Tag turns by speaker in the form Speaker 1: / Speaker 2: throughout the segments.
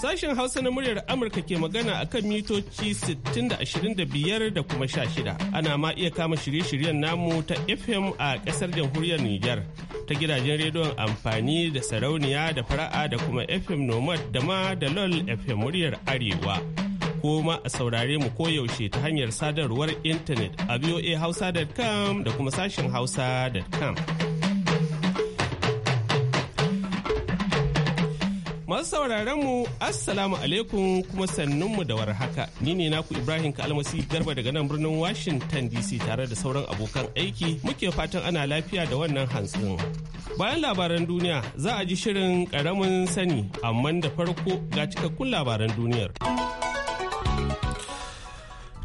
Speaker 1: Sashen Hausa na muryar Amurka ke magana a kan mitoci 60 da kuma shida Ana ma iya kama shirye-shiryen namu ta FM a ƙasar jamhuriyar Nijar ta gidajen rediyon amfani da sarauniya da fara'a da kuma FM Nomad da ma da LOL FM muryar Arewa. Koma a saurare mu koyaushe ta hanyar sadarwar intanet a voahausa.com da kuma sashen hausa.com. Masu sauraron mu Assalamu alaikum kuma sannunmu da warhaka. Ni ne naku Ibrahim Kalmasi Garba daga nan birnin Washington DC tare da sauran abokan aiki muke fatan ana lafiya da wannan hantsin. Bayan labaran duniya za a ji shirin karamin sani amma da farko ga cikakkun labaran duniyar.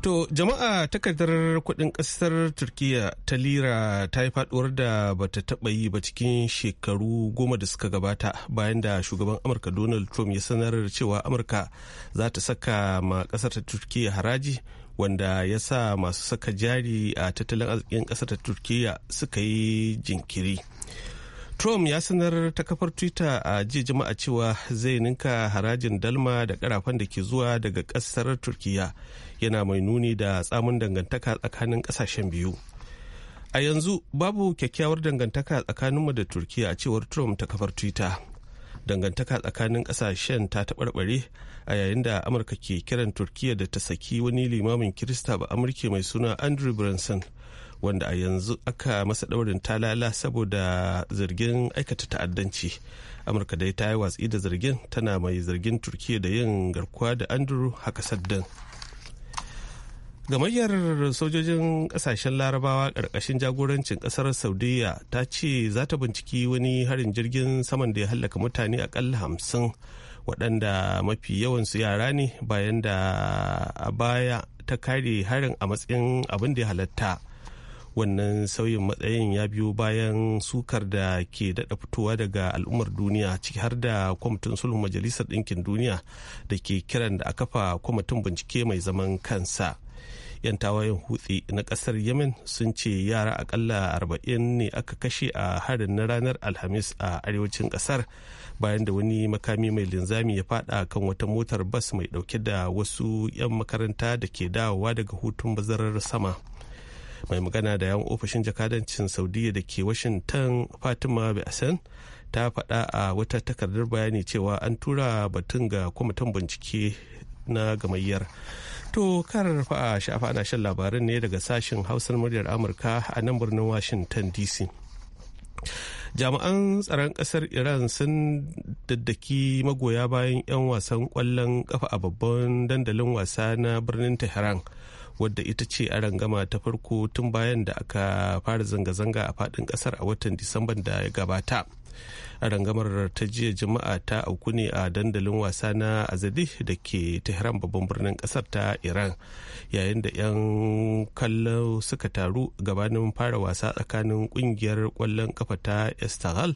Speaker 1: To jama'a takardar kudin kasar Turkiyya ta lira ta yi faduwar da bata taba yi ba cikin shekaru goma da suka gabata bayan da shugaban Amurka Donald Trump ya sanar cewa Amurka za ta saka ma kasar ta Turkiyya haraji wanda ya sa masu saka jari a tattalin arzikin ƙasar ta Turkiyya suka yi jinkiri. Trump ya sanar ta kafar Twitter a jiya Juma'a cewa zai ninka harajin dalma da karafan da ke zuwa daga kasar Turkiya yana mai nuni da tsamin dangantaka tsakanin kasashen biyu. A yanzu babu kyakkyawar dangantaka tsakaninmu da Turkiya a cewar Trump ta kafar Twitter. Dangantaka tsakanin kasashen ta taɓarɓare a yayin da Amurka ke kiran Turkiya da ta saki wani limamin Kirista ba Amurka mai suna Andrew Branson. wanda a yanzu aka masa daurin talala saboda zargin aikata ta'addanci amurka dai ta yi watsi da zargin tana mai zargin turkiya da yin garkuwa da andrew haka saddin gamayyar sojojin kasashen larabawa karkashin jagorancin kasar saudiya ta ce za ta binciki wani harin jirgin saman da ya hallaka mutane akalla hamsin waɗanda mafi yawansu yara ne bayan da a baya ta kare harin a matsayin abin da ya halatta wannan sauyin matsayin ya biyo bayan sukar da ke dada fitowa daga al'ummar duniya ciki har da kwamitin sulhun majalisar ɗinkin duniya da ke kiran da a kafa kwamitin bincike mai zaman kansa 'yan tawayen hutsi na kasar yemen sun ce yara akalla arba'in ne aka kashe a harin na ranar alhamis a arewacin kasar bayan da wani makami mai linzami ya fada kan wata motar bas mai dauke da wasu 'yan makaranta da ke dawowa daga hutun bazarar sama mai magana da yawan ofishin jakadancin saudiya da ke washington fatima bassan ta faɗa a wata takardar bayani cewa an tura batun ga kwamitin bincike na gamayyar to kar fa'a shafa ana shan labaran ne daga sashen hausar muryar amurka a nan birnin washington dc jami'an tsaron kasar iran sun daddaki magoya bayan 'yan wasan kwallon kafa a babban dandalin wasa na birnin tehran wadda ita ce gama ta farko tun bayan da aka fara zanga-zanga a faɗin ƙasar a watan disamban da ya gabata rangamar ta jiya juma'a ta auku ne a dandalin wasa na azadi da ke tehran babban birnin kasar ta iran yayin da 'yan kallo suka taru gabanin fara wasa tsakanin kungiyar kwallon kafa ta istanbul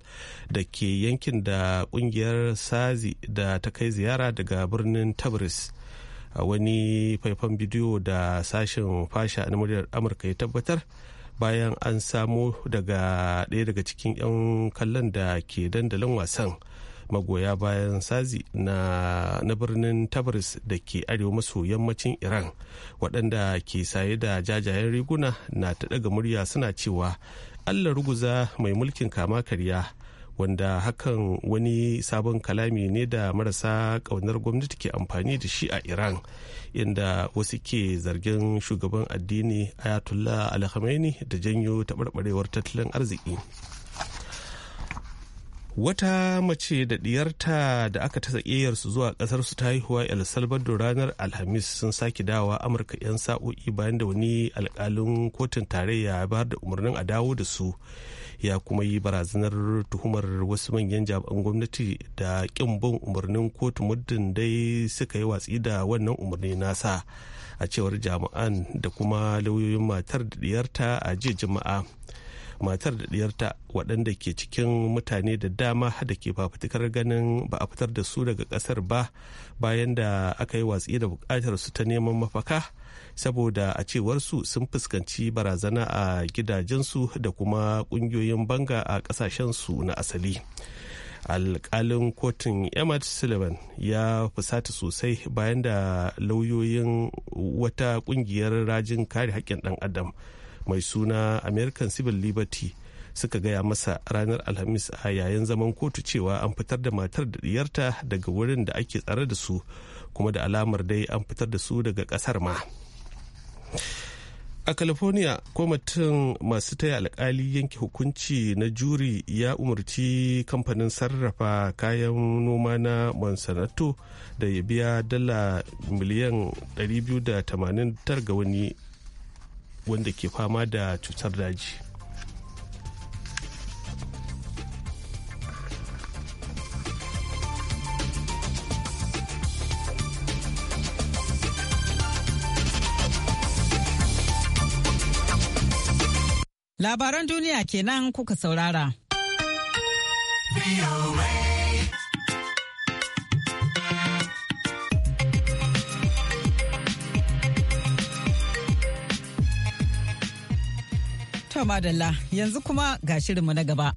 Speaker 1: da ke yankin da kungiyar sazi da ta kai ziyara daga birnin tabris a wani faifan bidiyo da sashen fasha na muryar amurka ya tabbatar bayan an samo daga ɗaya daga cikin 'yan kallon da ke dandalin wasan magoya bayan sazi na, na birnin tabris da ke arewa maso yammacin iran waɗanda ke saye da jajayen riguna na ta daga murya suna cewa allah ruguza mai mulkin kama karya wanda hakan wani sabon kalami ne da marasa kaunar gwamnati ke amfani da shi a iran inda wasu ke zargin shugaban addini ayatollah alhamaini da janyo taɓarɓarewar tattalin arziki wata mace da diyarta da aka ta tsakiyarsu zuwa kasar su ta haihuwa el salvador ranar alhamis sun sake dawa amurka 'yan sa'o'i bayan da wani alkalin kotun tarayya ya bayar da umarnin a dawo da su ya kuma yi barazanar tuhumar wasu manyan jami'an gwamnati da kin bin umarnin kotu muddin dai suka yi watsi da wannan umarni nasa a cewar jami'an da kuma lauyoyin matar da diyarta a jiya juma'a matar da diyarta waɗanda ke cikin mutane da dama da ke fafutukar ganin ba a fitar da su daga ƙasar ba bayan da aka yi watsi da buƙatar su ta neman mafaka saboda a cewarsu sun fuskanci barazana a gidajensu da kuma kungiyoyin banga a kasashensu na asali alkalin kotun emmett sullivan ya fusata sosai bayan da lauyoyin wata kungiyar rajin kare haƙƙin ɗan adam mai suna american civil liberty suka gaya masa ranar alhamis a yayin zaman kotu cewa an fitar da matar da diyarta daga wurin da ake tsare da su kuma da alamar dai an fitar da su daga ƙasar ma a california kwamitin masu taya alkali yanke hukunci na juri ya umarci kamfanin sarrafa kayan noma na monsanto da ya biya dala miliyan 289 ga wani wanda ke fama da cutar daji
Speaker 2: Labaran duniya kenan kuka saurara. To madalla yanzu kuma ga shirinmu na gaba.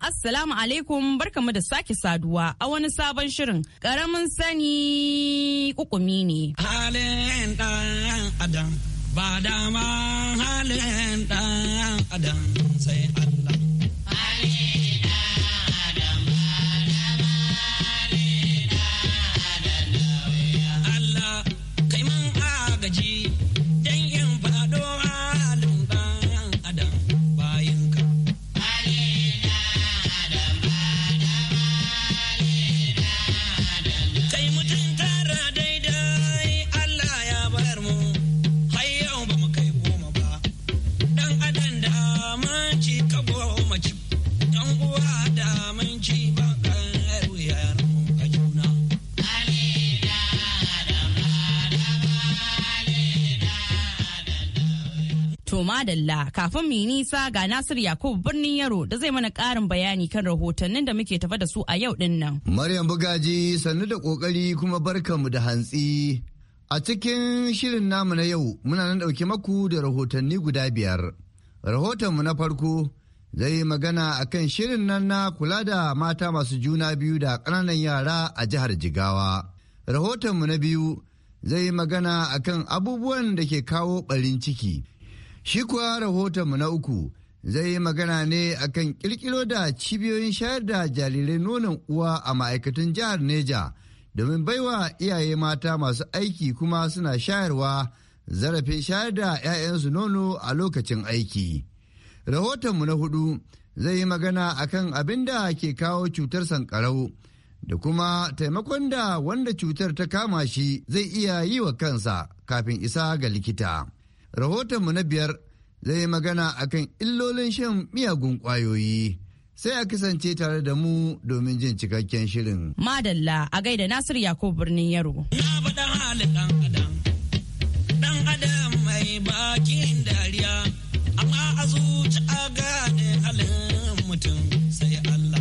Speaker 3: assalamu alaikum barkamu da sake saduwa a wani sabon shirin karamin sani kukumi ne.
Speaker 4: Halin ɗan adam ba dama halin ɗan adam sai Allah.
Speaker 3: madalla kafin mu yi nisa ga Nasir Yakubu birnin Yaro da zai mana karin bayani kan rahotannin da muke tafa da su a yau din nan.
Speaker 5: Maryam Bugaji sannu da kokari kuma barkanmu da hantsi. A cikin shirin namu na yau muna nan ɗauke maku da rahotanni guda biyar. Rahotonmu na farko zai magana a kan shirin nan na kula da mata masu juna biyu da ƙananan yara a jihar Jigawa. Rahotonmu na biyu zai magana a kan abubuwan da ke kawo ɓarin ciki. Shi kuwa rahotonmu na uku zai yi magana ne akan kirkiro da cibiyoyin shayar da jarirai nonon uwa a ma'aikatan jihar Neja domin baiwa iyaye mata masu aiki kuma suna shayarwa zarafin shayar da 'ya'yansu nono a lokacin aiki. Rahotonmu na hudu zai yi magana akan abin da ke kawo cutar sankarau da kuma taimakon da wanda cutar ta kama shi zai iya yi wa kansa kafin isa ga likita. rahotonmu na biyar zai yi magana akan illolin shan miyagun ƙwayoyi. sai a kasance tare da mu domin jin cikakken shirin.
Speaker 3: Madalla a gaida Nasir Yakub birnin Yaro.
Speaker 4: mutum sai Allah.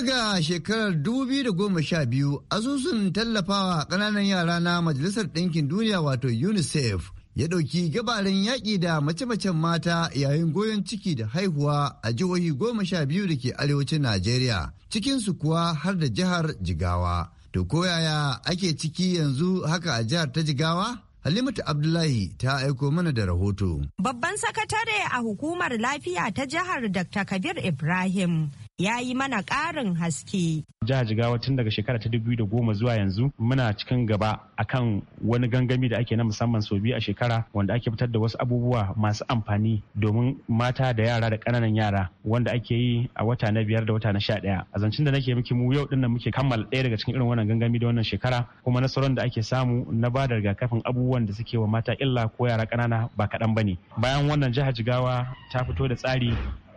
Speaker 5: daga shekarar 2012 asusun tallafawa ƙananan yara na Majalisar Ɗinkin Duniya wato UNICEF ya ɗauki gabarin yaƙi da mace-macen mata yayin goyon ciki da haihuwa a jihohi goma sha biyu da ke arewacin Najeriya cikinsu kuwa har da jihar Jigawa. To koyaya ake ciki yanzu haka a jihar ta Jigawa? Halimatu Abdullahi ta aiko mana da rahoto.
Speaker 4: Babban sakatare a
Speaker 3: hukumar lafiya ta jihar Dr. Kabir Ibrahim ya yi mana ƙarin
Speaker 6: haske. Jihar Jigawa tun daga shekara ta dubu da goma zuwa yanzu muna cikin gaba akan wani gangami da ake na musamman sau biyu a shekara wanda ake fitar da wasu abubuwa masu amfani domin mata da yara da ƙananan yara wanda ake yi a wata na biyar da wata na sha ɗaya. A zancen da nake miki mu yau ɗin nan muke kammala ɗaya daga cikin irin wannan gangami da wannan shekara kuma nasarar da ake samu na ba da rigakafin abubuwan da suke wa mata illa ko yara ƙanana ba kaɗan ba ne. Bayan wannan jihar Jigawa ta fito da tsari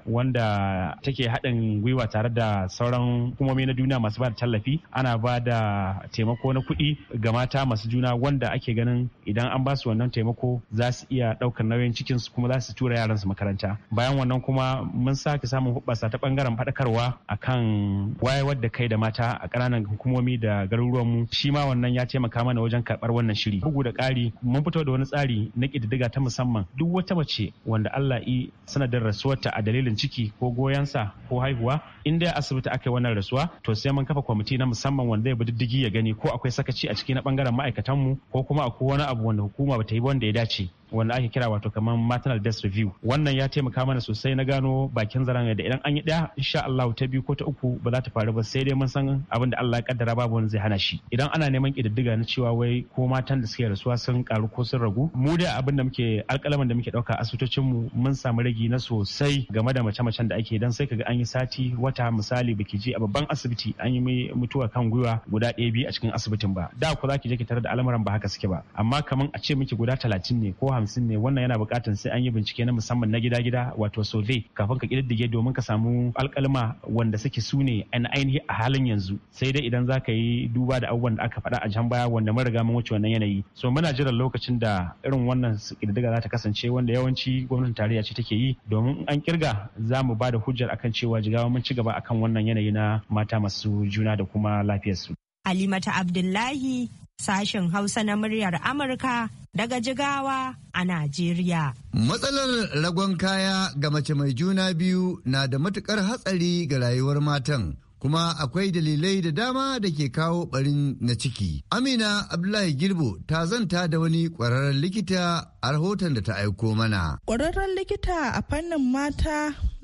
Speaker 6: wanda take haɗin gwiwa tare da sauran hukumomi na duniya masu ba da tallafi ana ba da taimako na kuɗi ga mata masu juna wanda ake ganin idan an ba su wannan taimako za su iya ɗaukar nauyin cikin su kuma za su tura yaran su makaranta bayan wannan kuma mun sake samun hubbasa ta bangaren faɗakarwa akan wayewar da kai da mata a ƙananan hukumomi da garuruwan mu shi ma wannan ya taimaka mana wajen karɓar wannan shiri bugu da ƙari mun fito da wani tsari na ƙididdiga ta musamman duk wata mace wanda Allah yi sanadin rasuwarta a dalilin farin ciki ko goyonsa ko haihuwa in dai asibiti aka yi wannan rasuwa to sai mun kafa kwamiti na musamman wanda zai bi diddigi ya gani ko akwai sakaci a ciki na bangaren ma'aikatanmu ko kuma akwai wani abu wanda hukuma bata yi wanda ya dace wanda ake kira wato kamar maternal death review wannan ya taimaka mana sosai na gano bakin zaren da idan an yi daya insha Allah ta biyu ko ta uku ba za ta faru ba sai dai mun san abin da Allah ya kaddara babu wani zai hana shi idan ana neman kididdiga na cewa wai ko matan da suke rasuwa sun karu ko sun ragu mu da abin da muke alƙalaman da muke dauka asibitocin mu mun samu ragi na sosai game da mace-macen da ake dan sai kaga an yi sati wata misali biki je a babban asibiti an yi mutuwa kan gwiwa guda ɗaya biyu a cikin asibitin ba da ku za ki je ki tarar da al'amuran ba haka suke ba amma kaman a ce miki guda talatin ne ko hamsin ne wannan yana buƙatar sai an yi bincike na musamman na gida-gida wato survey kafin ka kididdige domin ka samu alkalma wanda suke su ne an ainihi a halin yanzu sai dai idan za ka yi duba da abubuwan da aka faɗa a jan baya wanda mun riga mun wuce wannan yanayi so muna jiran lokacin da irin wannan kididdiga za ta kasance wanda yawanci gwamnatin tarayya ce take yi domin an kirga za mu ba da hujjar akan cewa jigawa mun ci gaba akan wannan yanayi na mata masu juna da kuma lafiyarsu.
Speaker 3: Alimata Abdullahi sashen Hausa na muryar Amurka daga Jigawa a Najeriya.
Speaker 5: Matsalar ragon kaya ga mace mai juna biyu na da matukar hatsari ga rayuwar matan. kuma akwai dalilai da dama da ke kawo barin na ciki. Amina Abdullahi Girbo ta zanta da wani kwararren likita a rahoton da ta aiko mana.
Speaker 3: Kwararren likita a fannin mata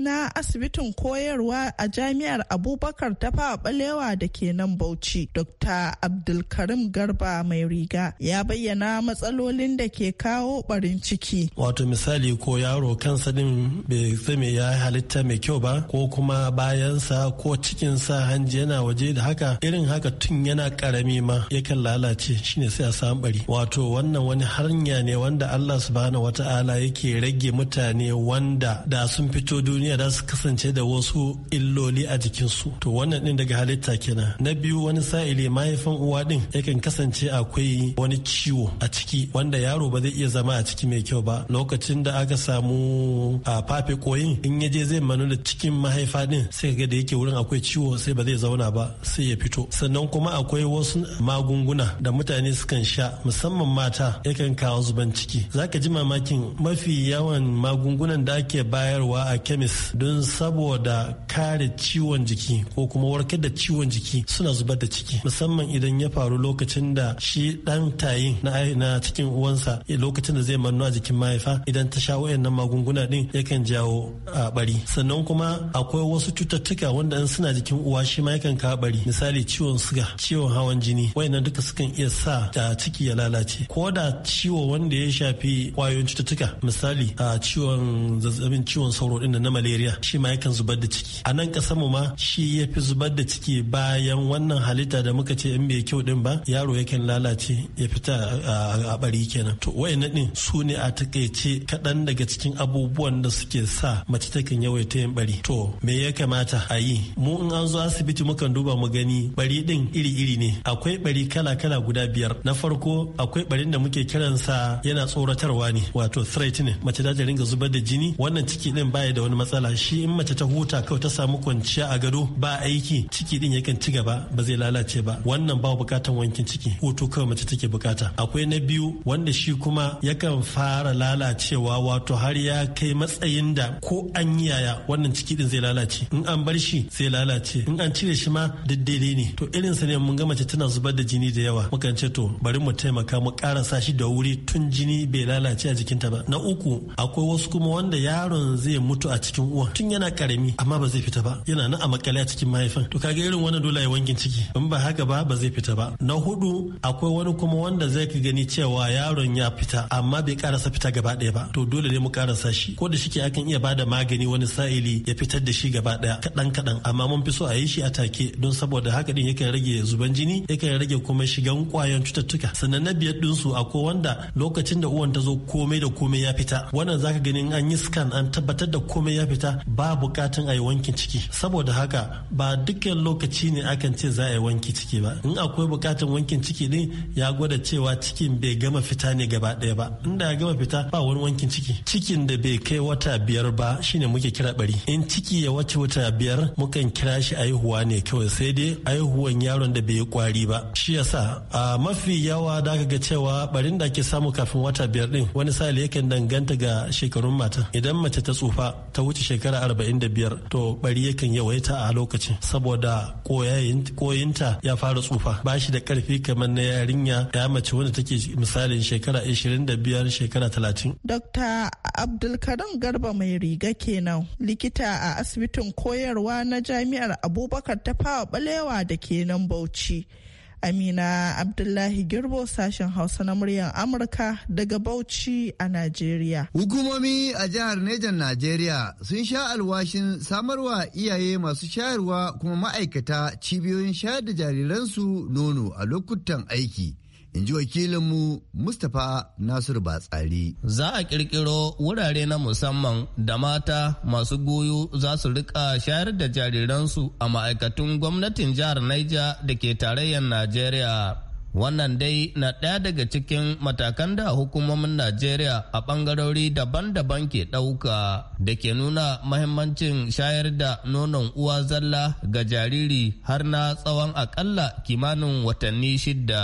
Speaker 3: na asibitin koyarwa a jami'ar Abubakar ta balewa da ke nan Bauchi, Dr. Abdulkarim Garba mai riga ya bayyana matsalolin da ke kawo barin ciki.
Speaker 7: Wato misali ko yaro kansa din bai zame ya halitta mai kyau ba ko kuma bayansa ko cikinsa sa hanji yana waje da haka irin haka tun yana karami ma yakan lalace shine sai a samu bari wato wannan wani hanya ne wanda Allah subhanahu wata'ala yake rage mutane wanda da sun fito duniya da su kasance da wasu illoli a jikinsu to wannan din daga halitta kenan na biyu wani sa'ili mahaifin uwa din yakan kasance akwai wani ciwo a ciki wanda yaro ba zai iya zama a ciki mai kyau ba lokacin da aka samu a fafe koyin in yaje zai manu da cikin mahaifa din sai ga da yake wurin akwai ciwo sai ba zai zauna ba sai ya fito sannan kuma akwai wasu magunguna da mutane sukan sha musamman mata yakan kawo zuban ciki zaka ji mamakin mafi yawan magungunan da ake bayarwa a kemis don saboda kare ciwon jiki ko kuma warkar da ciwon jiki suna zubar da ciki musamman idan ya faru lokacin da shi dan tayin na cikin uwansa lokacin da zai manno a jikin mahaifa idan ta sha wayannan magunguna din yakan jawo a bari sannan kuma akwai wasu cututtuka wanda in suna jikin uwa shi ma yakan kawo bari misali ciwon suga ciwon hawan jini wayannan duka sukan iya sa da ciki ya lalace ko da ciwo wanda ya shafi kwayoyin cututtuka misali a ciwon zazzabin ciwon sauro din na malaria shi ma yakan zubar da ciki a nan kasar mu ma shi ya fi zubar da ciki bayan wannan halitta da muka ce in bai kyau din ba yaro yakan lalace ya fita a bari kenan to wayannan din su ne a takaice kaɗan daga cikin abubuwan da suke sa mace takan yawaita yin bari to me ya kamata a yi mu in an zo zo asibiti mukan duba mu gani bari din iri-iri ne akwai bari kala-kala guda biyar na farko akwai barin da muke kiransa yana tsoratarwa ne wato threat mace ta ringa zubar da jini wannan ciki din baya da wani matsala shi in mace ta huta kawai ta samu kwanciya a gado ba aiki ciki din yakan ci gaba ba zai lalace ba wannan ba bukatan wankin ciki hutu kawai mace take bukata akwai na biyu wanda shi kuma yakan fara lalacewa wato har ya kai matsayin da ko an yaya wannan ciki din zai lalace in an bar shi zai lalace ce in an cire shi ma duk ne to irin sa ne mun ga mace tana zubar da jini da yawa mukan ce to bari mu taimaka mu sa shi da wuri tun jini bai lalace a jikinta ba na uku akwai wasu kuma wanda yaron zai mutu a cikin uwan tun yana karami amma ba zai fita ba yana nan a makale a cikin mahaifin to kaga irin wannan dole ya wankin ciki in ba haka ba ba zai fita ba na hudu akwai wani kuma wanda zai ka gani cewa yaron ya fita amma bai karasa fita gaba ɗaya ba to dole ne mu karasa shi ko da shike akan iya bada magani wani sa'ili ya fitar da shi gaba ɗaya kaɗan kaɗan amma mun fi so a yi shi a take don saboda haka din yakan rage zuban jini yakan rage kuma shigan kwayan cututtuka sannan na biyar din su akwai wanda lokacin da uwan ta zo komai da komai ya fita wannan zaka ganin an yi scan an tabbatar da komai ya fita ba bukatun a yi wankin ciki saboda haka ba dukkan lokaci ne akan ce za a yi wanki ciki ba in akwai bukatun wankin ciki din ya gwada cewa cikin bai gama fita ne gaba ɗaya ba inda ya gama fita ba wani wankin ciki cikin da bai kai wata biyar ba shine muke kira bari in ciki ya wace wata biyar mukan kira shi aihuwa ne kawai sai dai aihuwan yaron da bai yi kwari ba shi yasa a mafi yawa da ga cewa barin da ake samu kafin wata biyar din wani sali yakan danganta ga shekarun mata idan mace ta tsufa ta wuce shekara arba'in da biyar to bari yakan yawaita a lokacin saboda koyinta ya fara tsufa ba shi da karfi kamar na yarinya ya mace wanda take misalin shekara ashirin da biyar shekara talatin.
Speaker 3: Dr. Abdulkarim Garba mai riga kenan likita a asibitin koyarwa na jami'ar abubakar ta fawa balewa da ke nan bauchi amina abdullahi girbo sashen hausa na muryar amurka daga bauchi a najeriya
Speaker 5: hukumomi a jihar nejan najeriya sun sha alwashin samarwa iyaye masu shayarwa kuma ma'aikata cibiyoyin shayar da jariransu nono a lokutan aiki in ji wakilinmu mustapha nasiru batsari
Speaker 8: za a kirkiro wurare na musamman da mata masu goyo za su rika shayar da jariransu a ma'aikatun gwamnatin jihar niger da ke tarayyar najeriya wannan dai na ɗaya daga cikin matakan da hukumomin najeriya a ɓangarori daban-daban ke ɗauka da ke nuna mahimmancin shayar da nonon uwa zalla ga jariri har na tsawon akalla kimanin watanni shidda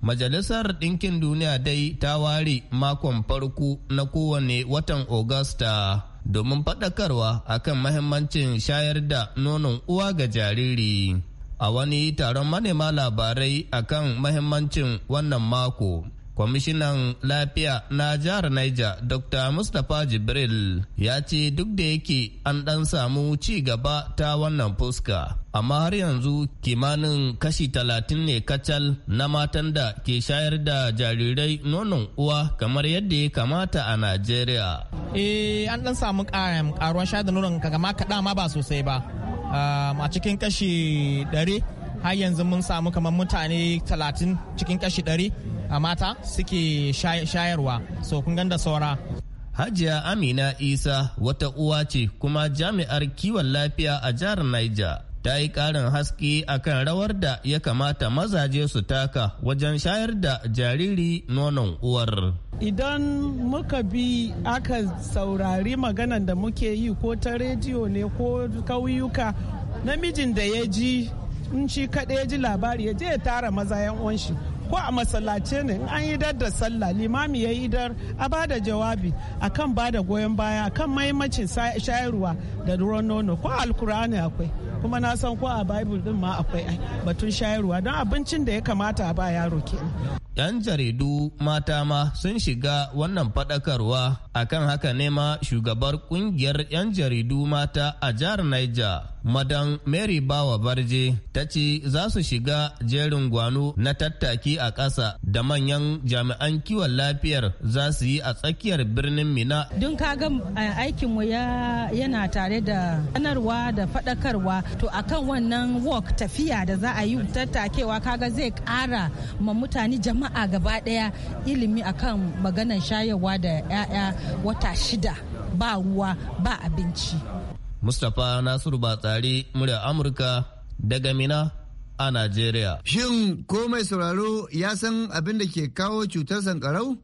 Speaker 8: Majalisar Ɗinkin Duniya dai ta ware makon farko na kowane watan Augusta domin faɗakarwa akan mahimmancin shayar da nonon uwa ga jariri. A wani taron manema labarai akan mahimmancin wannan mako, kwamishinan lafiya na jihar Niger Dr. Mustapha Jibril ya ce duk da yake an dan samu ci gaba ta wannan fuska. Amma har yanzu kimanin kashi talatin ne kacal na matan da ke shayar da jarirai nonon uwa kamar yadda ya kamata a Najeriya. Eh an dan samu ƙaruwan shayar da nonon ma kaɗa ma ba sosai ba. Ah, a cikin kashi ɗari har yanzu mun samu kamar mutane 30 cikin kashi 100 a mata suke shayarwa so kun ganda saura Hajiya Amina Isa wata uwa ce kuma jami'ar kiwon lafiya a jihar Niger ta yi ƙarin haske akan rawar da ya kamata mazaje su taka wajen shayar da jariri nonon uwar.
Speaker 9: Idan muka bi aka saurari maganan da muke yi ko ta rediyo ne ko kauyuka namijin da ya ji in shi kaɗai ya ji labari ya je ya tara maza yan uwan shi ko a masallace ne in yi dar da sallah limami ya dar a ba da jawabi akan ba da goyon baya kan maimacin shayarwa da ruwan nono ko alkur'ani akwai kuma na san ko a bible din ma akwai batun shayarwa don abincin da ya kamata a ba yaro ke.
Speaker 8: yan jaridu mata ma sun shiga wannan fadakarwa akan haka ne ma shugabar kungiyar yan jaridu mata a jihar niger Madan Mary Bawa Barje ta ce za su shiga jerin gwano na tattaki a ƙasa da manyan jami'an kiwon lafiyar za su yi a tsakiyar birnin Mina.
Speaker 2: Dun kaga aikinmu yana tare da sanarwa da faɗakarwa to akan wannan walk tafiya da za a yi tattakewa kaga zai ƙara ma mutane jama'a gaba ɗaya ilimi akan maganar shayarwa da 'ya'ya wata shida ba ruwa ba
Speaker 4: abinci.
Speaker 8: Mustapha Nasiru Batsari murya Amurka daga Mina a Najeriya.
Speaker 5: Shin ko mai sauraro ya san abin da ke kawo cutar sankarau?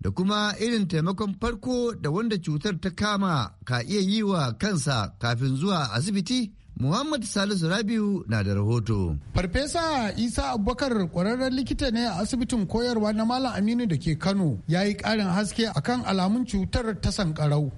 Speaker 5: Da kuma irin taimakon farko da wanda cutar ta kama ka iya yi wa kansa kafin zuwa asibiti? Muhammad Salisu Rabiu na da rahoto. Farfesa Isa Abubakar ƙwararren likita ne a asibitin koyarwa na Malam Aminu da ke
Speaker 9: Kano ya yi ƙarin haske akan alamun cutar ta sankarau.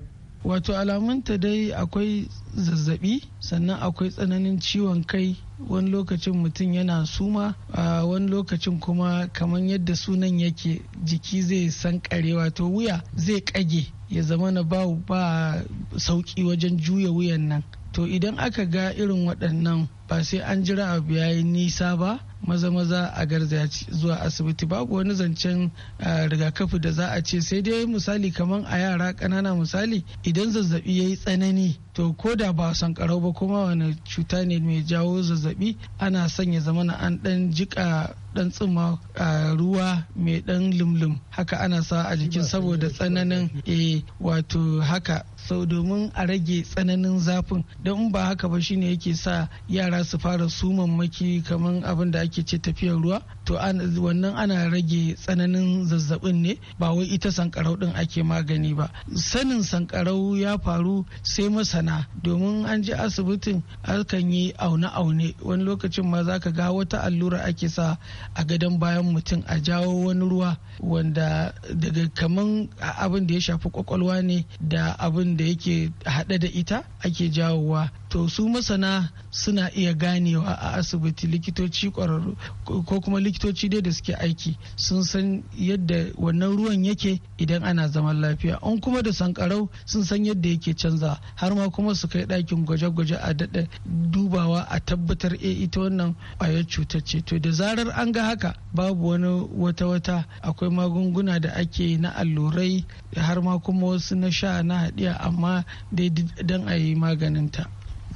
Speaker 9: wato alamunta dai akwai zazzabi sannan akwai tsananin ciwon kai wani lokacin mutum yana suma a wani lokacin kuma kamar yadda sunan yake jiki zai san kare wato wuya zai kage ya zama na ba ba sauki wajen juya wuyan nan to idan aka ga irin waɗannan ba sai an jira abu yayi nisa ba maza maza a garzaya zuwa asibiti babu wani zancen rigakafi da za a ce sai dai misali kamar a yara ƙanana misali idan zazzabi ya yi tsanani to ko da ba sankarau ba kuma wani cuta ne mai jawo zazzabi ana sanya zamana an ɗan jika dan tsuma ruwa mai dan lumlum haka ana sa a jikin saboda tsananin e wato haka sau domin a rage tsananin zafin don ba haka ba shine yake sa yara su fara suman maki kamar abin da ake ce tafiyar ruwa to wannan ana rage tsananin zazzabin ne ba wai ita sankarau din ake magani ba sanin sankarau ya faru sai masana domin an je asibitin akan yi aune-aune wani lokacin ma za ka ga wata allura ake sa a gadon bayan mutum a jawo wani ruwa wanda daga kaman abin da ya shafi kwakwalwa ne da abin da yake haɗe da ita ake jawowa to su masana suna iya ganewa a asibiti likitoci kwararru ko kuma likitoci dai da suke aiki sun san yadda wannan ruwan yake idan ana zaman lafiya an kuma da sankarau sun san yadda yake canza har ma kuma su kai dakin gwaje-gwaje a daɗa dubawa a tabbatar e ita wannan ƙwayar cutar ce to da zarar an ga haka babu wani wata-wata akwai magunguna da ake na allurai har ma kuma wasu na sha na haɗiya amma dai don a yi maganin ta.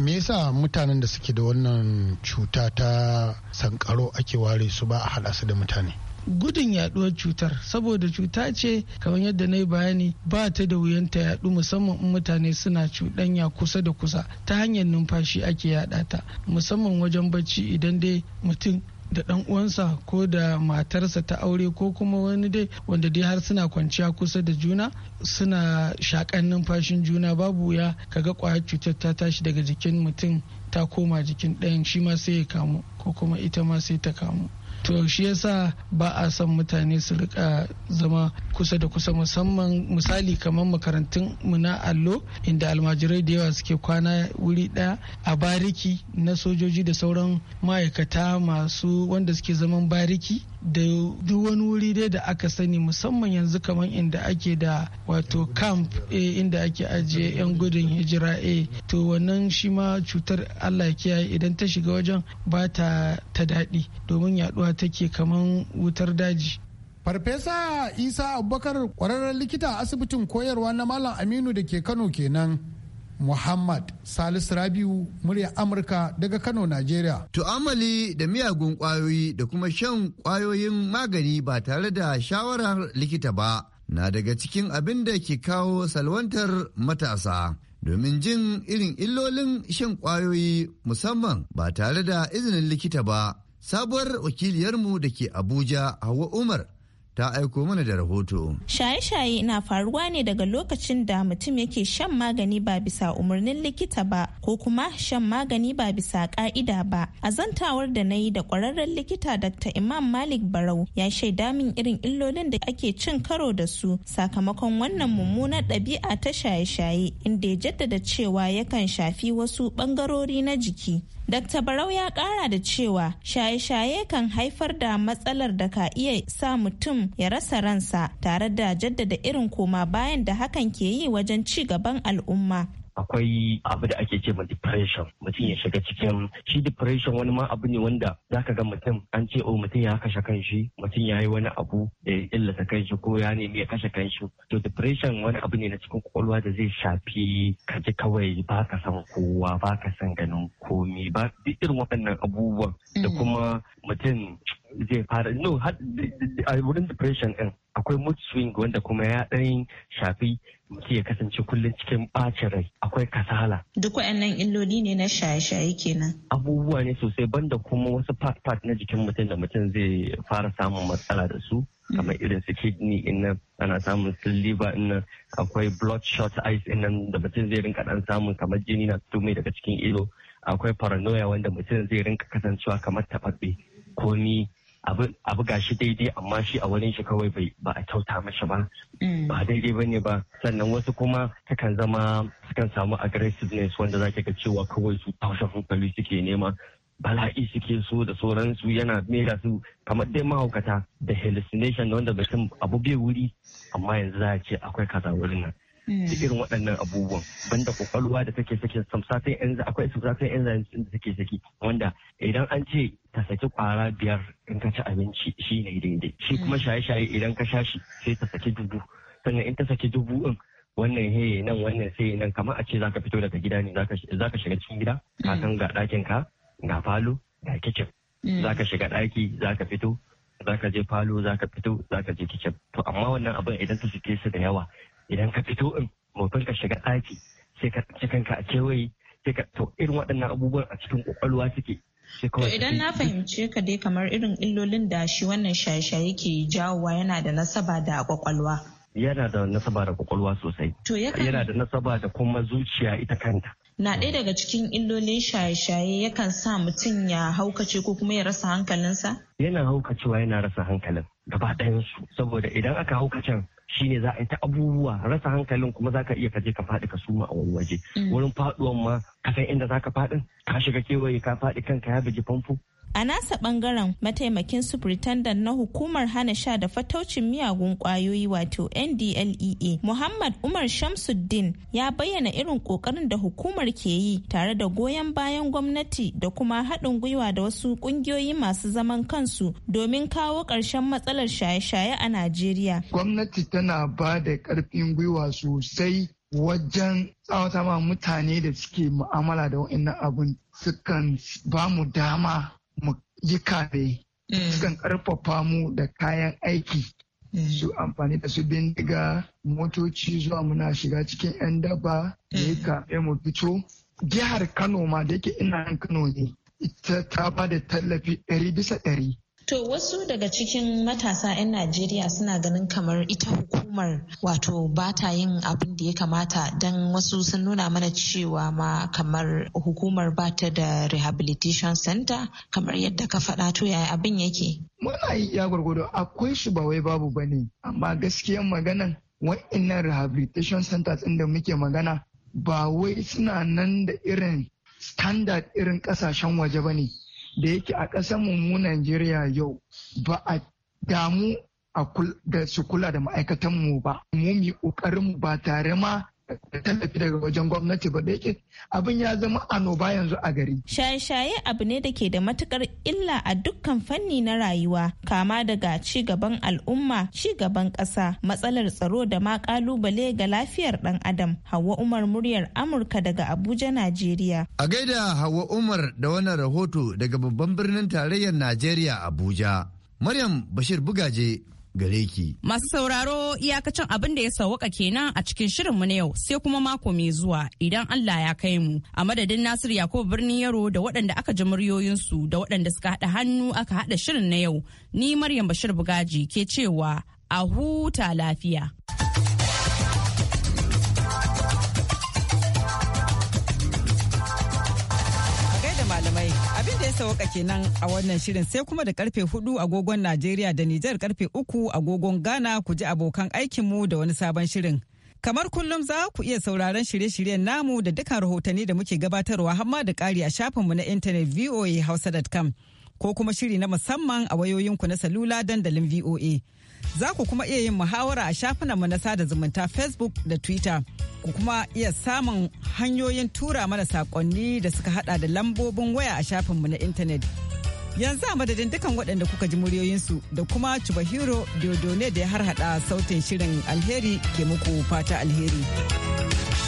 Speaker 6: me yasa mutanen da suke da wannan cuta ta sankaro ake ware su ba a hada su da mutane
Speaker 9: gudun yaduwar cutar saboda cuta ce kamar yadda na yi bayani ba ta da wuyan ta yadu musamman in mutane suna cuɗanya kusa da kusa ta hanyar numfashi ake yada ta musamman wajen bacci idan dai mutum da ɗan uwansa ko da matarsa ta aure ko kuma wani dai wanda dai har suna kwanciya kusa da juna suna shaƙan numfashin juna babu ya kaga kwayar cutar ta tashi daga jikin mutum ta koma jikin ɗayan shi ma sai ya kamu ko kuma ita ma sai ta kamu to shi yasa ba a son mutane su rika zama kusa da kusa musamman misali kamar makarantun mu na allo inda almajirai da yawa suke kwana wuri daya a bariki na sojoji da sauran ma'aikata masu wanda suke zaman bariki da duk wani wuri dai da aka sani musamman yanzu kamar inda ake da wato camp a eh, inda ake ajiye 'yan gudun hijira a eh, to wannan shi ma cutar allah kiyaye idan ta shiga wajen ba ta ta daɗi domin yaduwa take kamar wutar daji farfesa isa abubakar kwararren likita a asibitin koyarwa na malam aminu da ke kano kenan Muhammad Salisu Rabiu murya Amurka daga Kano, Najeriya.
Speaker 5: Tu'amali da miyagun ƙwayoyi da kuma shan ƙwayoyin magani ba tare da shawarar likita ba na daga cikin abin da ke kawo salwantar matasa. Domin jin irin illolin shan ƙwayoyi musamman ba tare da izinin likita ba, sabuwar wakiliyarmu da ke Abuja Hauwa Umar ta aiko mana da rahoto.
Speaker 3: Shaye-shaye na faruwa ne daga lokacin da mutum yake shan magani ba bisa umarnin likita ba ko kuma shan magani ba bisa ka'ida ba. A zantawar da na yi da kwararren likita Dr. Imam Malik Barau ya shaida min irin illolin da ake cin karo da su sakamakon wannan mummunar ɗabi'a ta shaye-shaye inda ya jaddada cewa yakan shafi wasu ɓangarori na jiki. Dr. Barau ya kara da cewa shaye-shaye kan haifar da matsalar da ka iya sa mutum ya rasa ransa tare da jaddada irin koma bayan da hakan ke yi wajen ci gaban al'umma
Speaker 10: akwai abu da ake ce ma depression mutum ya shiga cikin shi depression wani ma abu ne wanda zaka ga mutum an ce o oh, mutum ya kashe kanshi mutum ya yi wani abu da ya illata kanshi ko ya nemi ya kashe kanshi to depression wani abu ne na cikin kwakwalwa da zai shafi ka ji kawai ba ka san kowa ba ka san ganin komi ba duk irin waɗannan abubuwan da mm. kuma mutum zai fara no a wurin depression din akwai mood swing wanda kuma ya ɗan shafi mutum ya kasance kullum cikin ɓacin rai akwai kasala
Speaker 3: duk waɗannan illoli ne na shaye-shaye kenan
Speaker 10: abubuwa ne sosai banda kuma wasu part-part na jikin mutum da mutum zai fara samun matsala da su kamar mm. irin su kidney innan ana samun su liver innan akwai bloodshot eyes innan da mutum zai rinka ɗan samun kamar jini na fito daga cikin ido akwai paranoia wanda mutum zai rinka kasancewa kamar ko ni. abu ga shi daidai amma shi a wurin shi kawai bai ba a kyauta mashi ba mm. ba daidai ba ne ba sannan wasu kuma takan zama sukan samu aggressiveness wanda zaki ga cewa kawai su taushe hankali suke nema bala'i suke so da sauransu yana mera su kamar dai mahaukata da hallucination wanda mutum abu bai wuri amma yanzu za a ce akwai kaza wurin nan cikin mm. waɗannan abubuwan banda kwakwalwa da take sakin samsatin enzyme akwai samsatin da take saki wanda idan an ce ta saki kwara biyar in ka ci abinci shi ne daidai shi kuma mm. shaye-shaye idan ka sha shi sai ta saki dubu sannan in ta saki dubu in wannan he nan wannan sai nan kamar a ce zaka fito daga gida ne zaka shiga cikin gida ka mm. san ga ɗakin ka ga falo ga kicin zaka shiga ɗaki zaka fito zaka je falo zaka fito zaka je kicin to amma wannan abin idan ta suke su da yawa idan ka fito in mafin ka shiga ɗaki sai ka kanka a kewaye sai ka to irin waɗannan abubuwan a cikin ƙwaƙwalwa suke To idan na
Speaker 3: fahimce ka dai kamar irin illolin da shi wannan shaye-shaye ke jawowa yana da nasaba da
Speaker 10: kwakwalwa. Yana da nasaba da kwakwalwa sosai. To yana da nasaba da kuma zuciya ita kanta.
Speaker 3: Na ɗaya daga cikin illolin shaye-shaye yakan sa mutum ya haukace ko kuma ya rasa hankalinsa?
Speaker 10: Yana haukacewa yana rasa hankalin gaba ɗayansu saboda idan aka haukacen shi ne za a yi ta abubuwa rasa hankalin kuma za ka iya kaje ka faɗi ka suma a wani waje mm. wurin faɗuwan ma kasan inda za ka faɗin ka shiga kewaye ka faɗi kanka ya bugi famfo
Speaker 3: A nasa bangaren mataimakin superintendent na hukumar hana sha da fataucin miyagun kwayoyi wato NDLEA Muhammad Umar Shamsuddin ya bayyana irin kokarin da hukumar ke yi tare da goyon bayan gwamnati da kuma haɗin gwiwa da wasu ƙungiyoyi masu zaman kansu domin kawo ƙarshen matsalar shaye-shaye a Najeriya.
Speaker 9: Gwamnati tana ba da ƙarfin gwiwa sosai wajen tsawata ma mutane da suke mu'amala da wa'in abun sukan ba mu dama mu yi kare. Mm. sukan karfafa mu da kayan aiki mm. su amfani da su bindiga motoci zuwa muna shiga cikin 'yan daba da ya mm. kame mu fito jihar kano ma da yake ina yan kano ne ita ta ba da tallafi ɗari bisa ɗari
Speaker 3: To wasu daga cikin matasa 'yan Najeriya suna ganin kamar ita hukumar wato ba ta yin abin da ya kamata don wasu sun nuna mana cewa ma kamar hukumar ba ta da rehabilitation center kamar yadda ka faɗa to yaya abin yake.
Speaker 9: Muna yi ya gwargwado akwai shi ba wai babu ba ne, amma gaskiyan maganan wa'innan rehabilitation centers ɗin da muke magana ba wai suna nan da irin standard irin kasashen waje ba ne da yake a ƙasar mu Najeriya yau ba a damu da su kula da ma'aikatan mu ba mu mi ƙoƙarin ba tare ma tallafi daga wajen gwamnati ba
Speaker 3: abin ya zama anoba yanzu a gari. Shaye-shaye abu ne da ke da matukar illa a dukkan fanni na rayuwa kama daga ci gaban al'umma, ci gaban ƙasa, matsalar tsaro da ma kalubale ga lafiyar ɗan adam. Hawa Umar muryar Amurka daga Abuja, Najeriya.
Speaker 5: A gaida Hawa Umar da wannan rahoto daga babban birnin tarayyar Najeriya Abuja. Maryam Bashir Bugaje gare ki. Masu
Speaker 3: sauraro iyakacin abin da ya sauwaka kenan a cikin shirinmu na yau sai kuma mako mai zuwa idan Allah ya kai mu. A madadin Nasiru Yakubu birnin Yaro da waɗanda aka ji muryoyinsu da waɗanda suka haɗa hannu aka haɗa shirin na yau. Ni Maryam Bashir Bugaji ke cewa a huta
Speaker 2: lafiya. mai Abin da ya sauka kenan a wannan shirin sai kuma da karfe hudu agogon Najeriya da Nijar karfe uku agogon Ghana ku ji abokan aikinmu da wani sabon shirin. Kamar kullum za ku iya sauraron shirye-shiryen namu da dukkan rahotanni da muke gabatarwa hamma da ƙari a shafinmu na intanet voahausa.com. ko kuma shiri na musamman a wayoyinku na salula dandalin VOA. Za ku kuma iya yin muhawara a shafinanmu na sada zumunta Facebook da Twitter. Ku kuma iya samun hanyoyin tura mana saƙonni da suka hada da lambobin waya a shafinmu na intanet. Yanzu a madadin dukan waɗanda kuka ji muryoyinsu da kuma Chubahiro ne da ya harhaɗa sautin shirin alheri ke muku fata alheri.